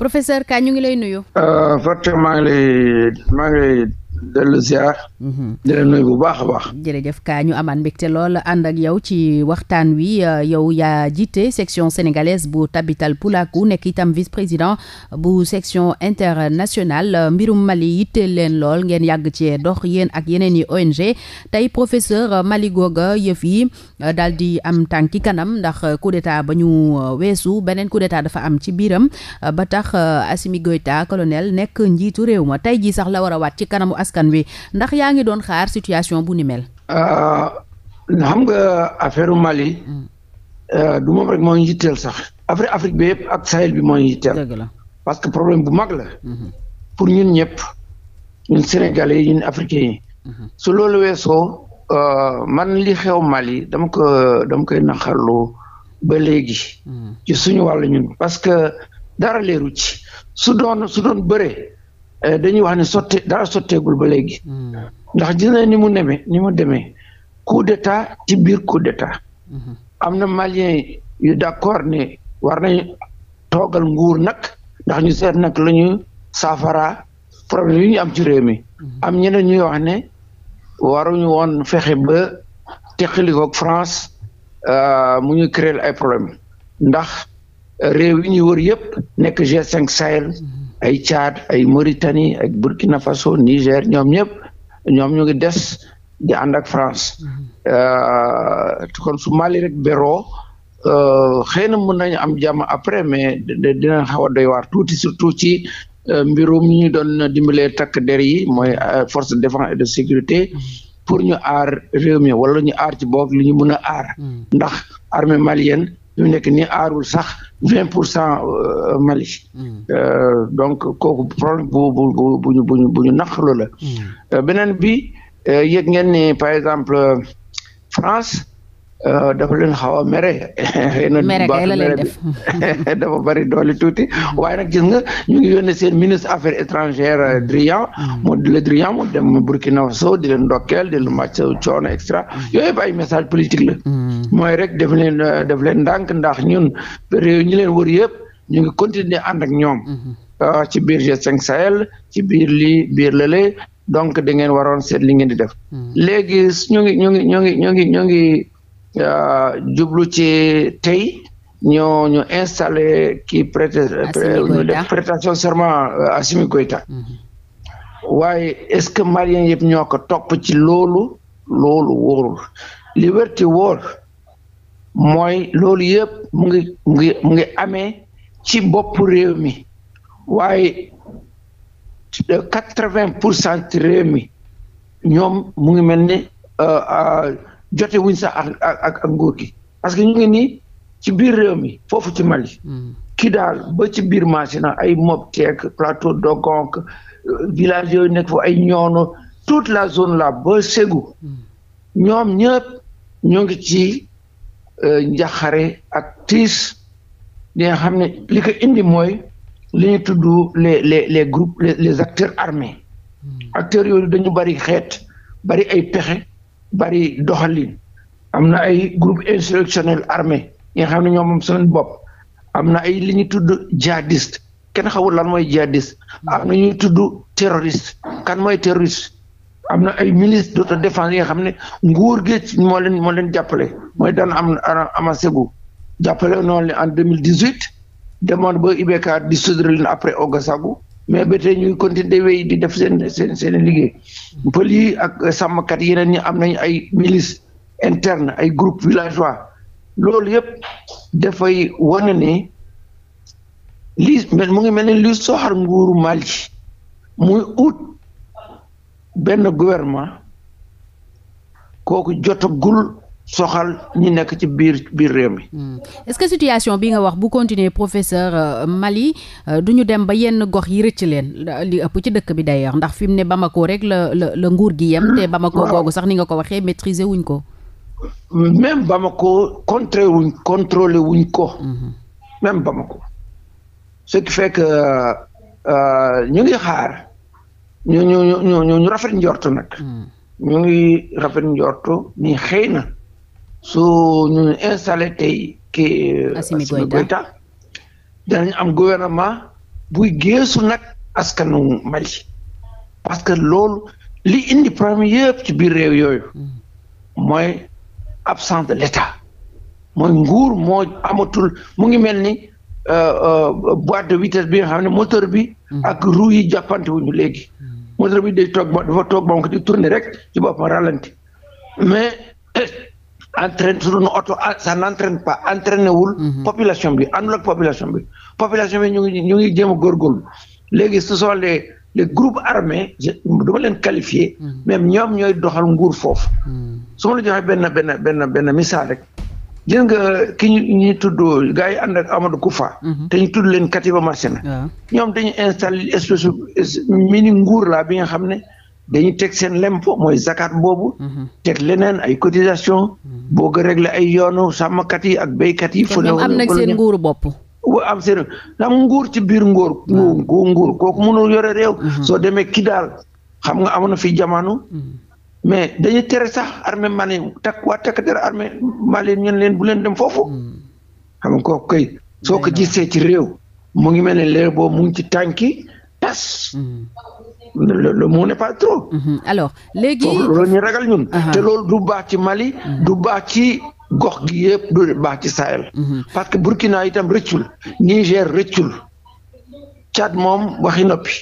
professeur Ka ñu ngi lay nuyu. Euh, Fatou maa ngi lay maa ngi lay dellu ziar. Mhm. di leen nuyu bu baax a baax. jërëjëf kaa ñu amaan mbégte lool ànd ak yow ci waxtaan wi euh, yow yaa jiite section sénégalaise bu Tabital Pulaku nekk itam vice président bu section internationale euh, mbirum Mali yitteel leen lool ngeen yàgg cee dox yéen ak yeneen yi ONG tey professeur Mali googa yëf yi euh, daal di am tànki kanam ndax coup d'état ba ñu weesu beneen coup d'état dafa am ci biiram ba tax Assimi Goïta colonel nekk njiitu réew ma tey jii sax askan ndax yaa ngi doon xaar situation bu ni mel. Ah, xam nga affaire Mali. Ah, du moom rek moo yitteel sax. après Afrique bi yëpp ak Sahel bi moo yitteel. parce que problème bu mag la. Mhm. pour ñun ñëpp ñun sénégalais yi ñun africains yi. Mhm. su loolu weesoo ah, man li xew Mali dama ko dama koy naxarlu ba léegi. Mhm. ci suñu wàllu ñun parce que dara leeru ci su doon su doon bëree Eh, dañuy wax ne sotte dara sotteegul ba léegi. ndax gis na ni mu nemee ni mu demee coup d'état ci biir coup d'état. Mm-hmm. am na malien yu d'accord ne war nañ toogal nguur nag ndax ñu seet nag lañu ñu saafara problème yi ñu am ci réew mi. Mm-hmm. am ñeneen ñuy wax ne waruñu woon fexe ba teqalikoog France euh, mu ñu créer ay problème ndax réew yi ñuy wër yëpp nekk G5 Sahel. Mm-hmm. ay Tchad ay Mauritanie ak Burkina Faso Niger ñoom ñëpp ñoom ñu ngi des di ànd ak France mhm. euh, kon su Mali rek beroo euh, xëy na mën nañu am jàmm après mais dina xaw a doy waar tuuti surtout ci euh, mbirum ñu doon dimbalee takk der yi mooy force de défense et de sécurité mhm. pour ñu aar réew mi wala ñu aar ci boog li ñu mun a aar mhm. ndax armée malienne ñu nekk ni aarul sax vingt pour cent euh, Mali. Hmm. Euh, donc kooku problème bu bu bu bu bu bu ñu naqaru la. Hmm. Euh, beneen bi yëg ngeen ni par exemple France. Euh, dafa leen xaw a mere. xëy na mere def dafa bari doole tuuti waaye nag gis nga ñu ngi yónnee seen ministre affaires étrangères euh, Drian. Mm. mu le Drian mu dem Burkina Faso di leen ndokkeel di leen màcc coono extra mm. yooyu yëpp ay politique la. Mm. mooy rek daf leen euh, daf leen ndànk ndax ñun réew ñi leen wër yëpp ñu ngi continuer ànd ak ñoom. Mm-hmm. ci biir G5 Sahel ci biir lii biir lële donc da ngeen waroon seet li ngeen di def. léegi ñu ngi ñu ngi Euh, jublu ci tey ñoo ñu installé kii prêté ñu def prestation serment Assimi euh, mm-hmm. waaye est-ce que malien yëpp ñoo ko topp ci loolu loolu wóorul li wér te wóor mooy loolu yëpp mu ngi amee ci boppu réew mi waaye euh, quatre-vingt pour cent réew mi ñoom mu ngi mel ni jote wuñ sax ak ak ak nguur gi parce que ñu ngi nii ci biir réew mi foofu ci Mali. Mm. kii daal ba ci biir Masina ay Mob Teek plateau Dogonk euh, village yooyu nekk foofu ay ñoono toute la zone la ba Ségou. Mm. ñoom ñëpp ñoo ngi ci euh, njaxare ak tiis di nga xam ne li ko indi mooy li ñu tudd les les les groupes les acteurs armés. Mm. acteurs yooyu dañu bari xeet bari ay pexe. bari doxalin am na ay groupe insurrectionnel armé yi nga xam ne ñoom moom seen bopp am na ay li ñu tudd jihadiste kenn xawul lan mooy jihadiste am na ñuy tudd terroriste kan mooy terroriste am na ay ministre d'autodéfense yi nga xam ne nguur gi moo leen moo leen jàppale mooy daan am avancé gu jàppale noonu en deux mille dix huit demoon ba IBK dissoudre leen après Ogasagu mais ba tey ñuy continuer wéy di def seen seen seen liggéey pël yi ak sàmmkat yeneen ñi am nañu ay milice interne ay groupe villageois loolu yëpp dafay wane ne lii mu ngi mel ne lii soxar nguuru Mali muy ut benn gouvernement kooku jotagul soxal ñi nekk ci biir biir réew mi. Hmm. est-ce que situation bi nga wax bu continuer professeur euh, Mali euh, du ñu dem ba yenn gox yi rëcc leen li ëpp ci dëkk bi day d'ailleurs ndax fi mu ne Bamako rek la la nguur gi yem. te Bamako googu sax ni nga ko waxee maîtriser wuñ ko. même Bamako contré wuñ contrôlé wuñ ko. Hmm. même Bamako. ce qui fait que euh, ñu ngi xaar ñu ñu ñu ñu rafet njort nag. Hmm. ñu ngi rafet njort ni xëy na. su ñu installé tey kii ah, Assimi Goïta danañ am gouvernement buy geesu nag askanu Mali parce que loolu li indi problème yëpp ci biir réew yooyu mooy absence de l'État mooy nguur moo amatul mu ngi mel ni euh, euh, boîte de vitesse bi nga xam ne moteur bi mm-hmm. ak roue yi jàppante wuñu léegi mm-hmm. moteur bi de toog ba dafa ba mu ko di tourner rek ci boppam ralenti mais entraîne su doon oto ah, ça n'entraîne pas entraîné wul. Mhm. population bi àndul ak population bi. population bi ñu ngi ñu ngi jéem a góorgóorlu léegi ce sont les les groupes armés leen qualifier. même ñoom ñooy doxal nguur foofu. Mhm. su ma la joxee benn benn benn benn misaal rek. gis nga ki ñu ñu tudd gars yi ànd ak Amadou Koufa. Mhm. te ñu tudd leen Katiba Marsena. ñoom dañu installé espèce mini nguur la bi nga xam ne. dañuy teg seen lempo mooy zakat boobu. Mhm. teg leneen ay cotisation mhm. boo ko réglé ay yoonu sàmmkat yi ak béykat yi. fu ne am na seen nguuru bopp. am seen am nguur ci biir nguur. nguur nguur kooku mënul yore réew. Mhm. soo demee kii daal xam nga amoon na fi jamono. mais dañuy tere sax armée Mali tak waa takk der armée ñun leen bu leen dem foofu. xam nga kooku kay soo ko gisee ci réew. mu ngi mel ne léer boobu mu ngi ci tànki tas. le le mot n'est pas trop. Mhm. alors léegi loolu ñu ragal ñun. te loolu du baax ci Mali. Mhm. du baax ci gox gi yëpp du baax ci Sahel. Mhm. parce que Burkina itam rëccul Niger rëccul Tchad moom waxi noppi.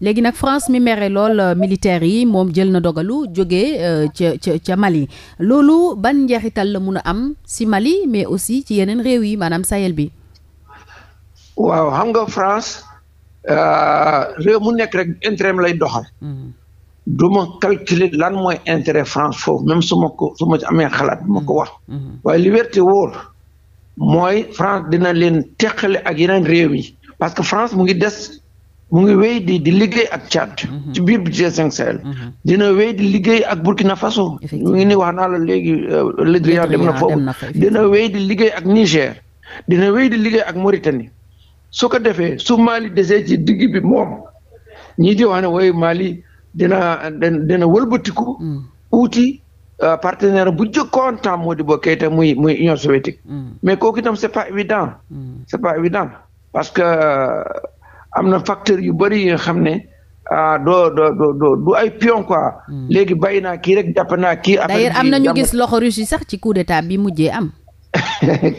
léegi nag France mi mere lool euh, militaires yi moom jël na dogalu jógee euh, ca ca ca Mali loolu ban njeexital la mun a am si Mali mais aussi ci yeneen réew yi maanaam Sahel bi. waaw xam nga France. Euh, réew mu nekk rek intérêt am lay doxal. Mhm. du ma calculer lan mooy intérêt France foofu même su ma ko su ma ci amee xalaat ma ko mhm. wax. Mhm. waaye liberté wóor mooy France dina leen teqale ak yeneen réew yi parce que France mu ngi des mu ngi wéy di di liggéey ak Tchad. ci biir budget G5 dina wéy di liggéey ak Burkina Faso. mu ngi ni wax naa la léegi euh, Le Drian dem na foofu dina wéy di liggéey ak Niger dina wéy di liggéey ak Mauritanie. su ko defee su Mali desee ci digg bi moom ñii di wax ne waaye Mali dina dina wëlbatiku. Mm. uuti euh, partenaire bu jëkkoon tam di Keïta muy muy Union soviétique. Mm. mais kooku itam c' est pas évident. Mm. c' est pas évident parce que euh, am na facteur yu bëri yi nga xam ne. ah doo doo doo du ay pion léegi bàyyi naa kii rek jàpp naa kii. affaire bi d'ailleurs am na ñu gis loxo russe yi sax ci coup d'état bi mujjee am.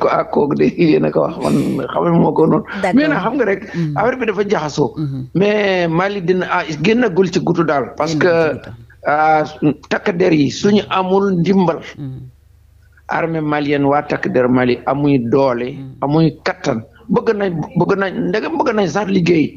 ah kooku de yéen a ko wax man xamal moo ko noonu. mais na xam nga rek. Mm-hmm. affaire bi dafa jaxasoo. Mm-hmm. mais Mali dina ah génnagul ci gutu daal. parce que ah, takk der yi suñu amul ndimbal. Mm-hmm. armée malienne waa takk der Mali amuy doole. amuy kattan bëgg nañ bëgg nañ ndegam liggéey.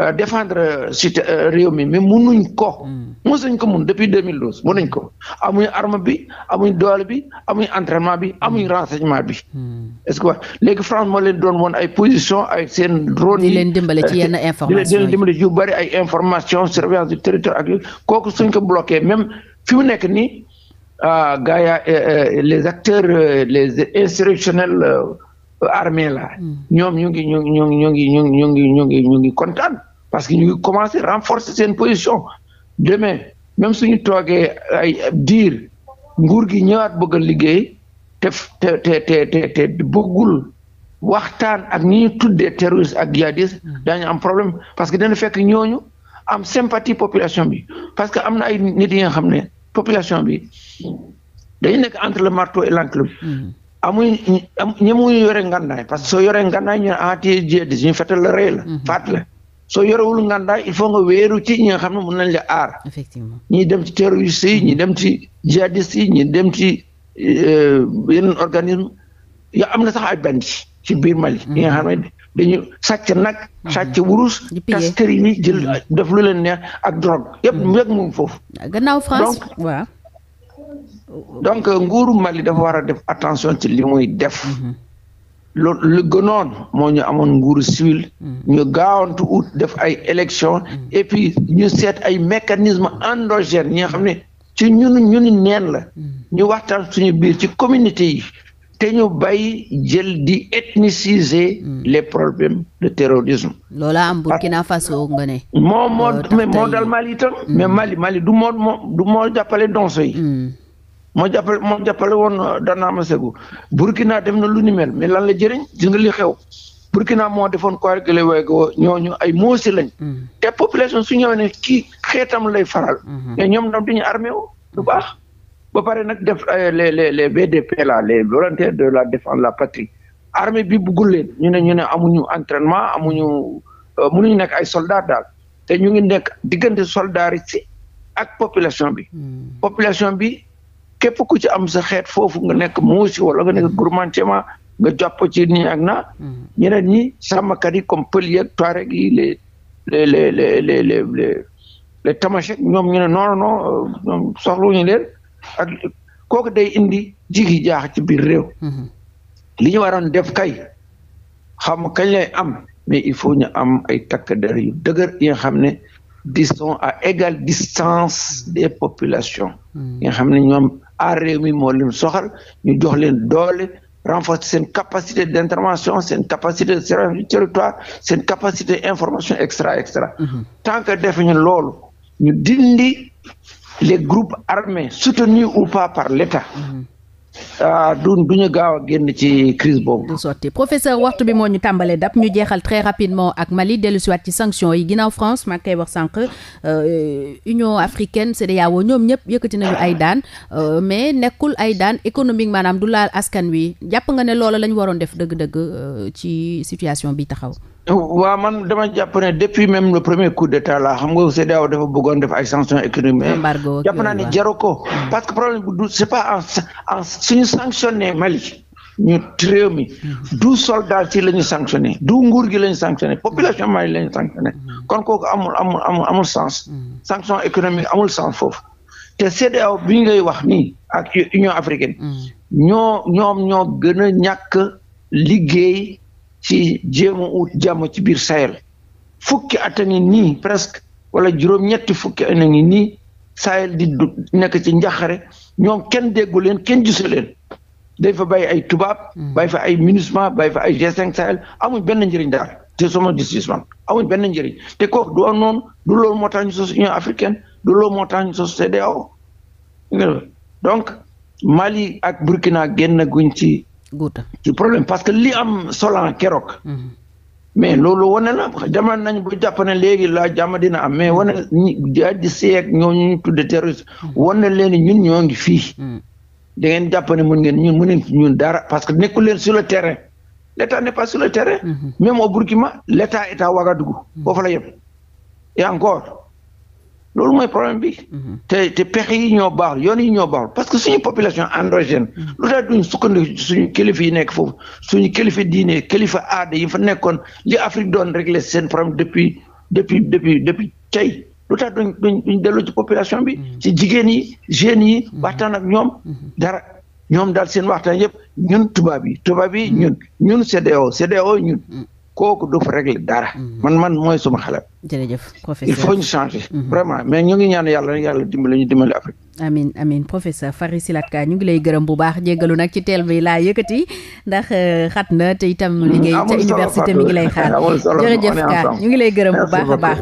Euh, défendre euh, cité euh, réew mi mais munuñ ko. mosuñ mm. ko mun depuis 2012 munuñ ko amuñ arme bi amuñ doole bi amuñ entraînement bi amuñ mm. renseignement bi. Mm. est-ce que léegi France moo leen doon woon ay position ay seen drone yi. leen dimbale ci yenn information di leen yu bari ay information surveillance du territoire ak kooku suñ ko bloqué même fi mu nekk nii gars ya les acteurs les insurrectionnels. armée la hmm. ñoom ñu ngi ñu ngi ñu ngi ñu ngi ñu ngi ñu ngi ñu ngi kontaan parce que ñu ngi commencé renforcer seen position demain même suñu toogee ay diir nguur gi ñëwaat bëgg a liggéey te te te te te bëggul waxtaan ak ñi ñu tuddee terroriste ak jihadiste hmm. daañu am problème parce que dana fekk ñooñu am sympathie population bi parce que am na ay nit yi nga xam ne population bi dañu nekk entre le marteau et l'enclume hmm. amuñ ñi muy yore ngandaay parce que soo yoree ngandaay ñu ne ah tey jihadiste ñu fetal la rey la mhm. faat la soo yorewul ngandaay il faut nga wéeru ci ñi nga xam ne mën nañ la aar effectivement ñi dem ci terroristes yi ñi dem ci jihadistes yi ñi dem ci euh, yeneen organisme ya am na sax ay bandi ci biir Mali yi mhm. nga xam ne dañu sàcc nag mhm. sàcc wurus tas kër yi jël def lu leen neex ak drogue yëpp mu ngi foofu donc nguuru Mali dafa war a def attention ci li muy def. loolu mhm. lu gënoon moo ñu amoon nguur civil. Mhm. ñu gaawantu ut def ay élections. Mhm. et ñu seet ay mécanismes endogènes ñi nga xam ne ci ñun ñun neen la. ñu waxtaan suñu biir ci communauté yi. te ñu bay jël di ethniciser les problèmes de terrorisme. loola am Burkina Faso nga ne. moo moo moo dal Mali itam. mais Mali Mali du moo moo du jàppale donso moo jàppale moo jàppale woon euh, Dana Masegu Burkina def na lu ni mel lan la jëriñ gis nga li xew Burkina moo defoon Kouarigele Ouagadougou ñooñu ay moosi lañ. Mm-hmm. te population su ñëwee ne kii xeetam lay faral. Mm-hmm. mais ñoom na duñu armé wu du baax. ba pare nag def euh, les les les BDP là les volontaires de la défense de la patrie armée bi buggul leen ñu ne ñu ne amuñu entraînement amuñu euh, mënuñu nekk ay soldats daal te ñu ngi nekk diggante soldats ak population bi. Mm-hmm. population bi. képp ku ci am sa xeet foofu nga nekk muusi wala nga nekk gourmandement nga jàpp ci nii ak na mm-hmm. ñeneen ñi sàmmkat yi comme pël yeeg tuareg yi les les les les les les les ñoom ñu ne non non euh, ñoom soxluñu leen ak kooku day indi jigi jaax ci biir réew mm-hmm. li ñu waroon def kay xam kañ lay am mais il faut ñu am ay takk der yu dëgër yi nga xam ne ils à égale distance des population mm-hmm. yi xam ne ñoom aar réew mi moo leen soxal ñu jox leen doole renforcer seen capacité d' intervention seen capacité de service du territoire seen capacité information extra extra. Mhm. tant que defuñu loolu ñu dindi les groupes armés soutenus ou pas par l' Ah, du duñu gaaw a génn ci crise boobu. du sotti professeur waxtu bi moo ñu tàmbalee dab ñu jeexal très rapidement ak Mali dellusiwaat ci sanctions yi ginnaaw France maa ngi koy wax sànq euh, Union africaine CEDEAO ñoom ñëpp yëkkati nañu ay daan euh, mais nekkul ay daan économique maanaam du laal askan wi jàpp nga ne loola lañ waroon def dëgg-dëgg euh, ci situation bi taxaw. waaw man dama jàpp ne depuis même le premier coup d'état la xam nga CEDEAO dafa bëggoon def ay sanctions économiques. embargo jàpp naa ne jaru ko. Hmm. parce que problème bu du c'est en en suñu sanctionné Mali. ñu réew mi hmm. du soldat ci la ñu sanctionné du nguur gi la ñu sanctionné hmm. population Mali la ñu sanctionné kon ko amul amul amul amul sens sanction économique amul sens foofu te CEDEAO bi ngay wax ni ak Union africaine ñoo ñoom ñoo gën ñàkk liggéey ci jéema ut jàmm ci biir Sahel fukki at a nii presque wala juróom-ñetti fukki at a nii Sahel di nekk ci njaxare ñoom kenn déggu leen kenn gisu leen day fa bay ay tubaab. Hmm. bay fa ay MINUSMA bay fa ay G5 Sahel amuñ benn njëriñ daal te sama gis-gis amuñ benn njëriñ te kooku du am noonu du loolu moo tax ñu Union africaine du loolu moo tax ñu sos CEDEAO donc Mali ak Burkina génn guñ ci. guuta ci problème parce que li am Solan keroog. Mhm. mais loolu wane la jamono nañ bu jàpp ne léegi la jàmm dina am mais wane jaaj di seeg ñooñu ñu tudde terroriste mhm. wane leen ñun ñoo ngi fii mhm. da ngeen jàpp ne mun ngeen ñun mëneen ñun dara parce que nekkul leen sur le terrain l' état n' est pas sur le terrain même au Burkina l' état la yem et encore loolu mooy problème bi. Mhm. te te pexe yi ñoo baax yoon yi ñoo baax parce que suñu population androgène. lu tax duñ sukkandiku suñu kilifa yi nekk foofu suñu kilifa diine kilifa aada yi fa nekkoon li Afrique doon régler seen problème depuis depuis depuis depuis tey lu tax duñ duñ duñ dellu ci population bi. Mhm. ci jigéen yi jeunes yi. Mhm. waxtaan ak ñoom. dara ñoom daal seen waxtaan yëpp ñun tubaab yi tubaab yi ñun ñun CEDEAO CEDEAO ñun. kooku du fa dara. Mhm. man man mooy suma xalaat. jërëjëf professeur il faut ñu changer. Mhm. vraiment mais ñu ngi ñaan yàlla yàlla dimbali ñu dimbali Afrique. amin amin professeur Fary Silate ñu ngi lay gërëm bu baax jéggalu nag ci teel bi laa yëkkati ndax euh, xat na te itam. Mhm. liggéey ca université mi ngi lay xaar jërëjëf Ka ñu ngi lay gërëm bu baax a baax.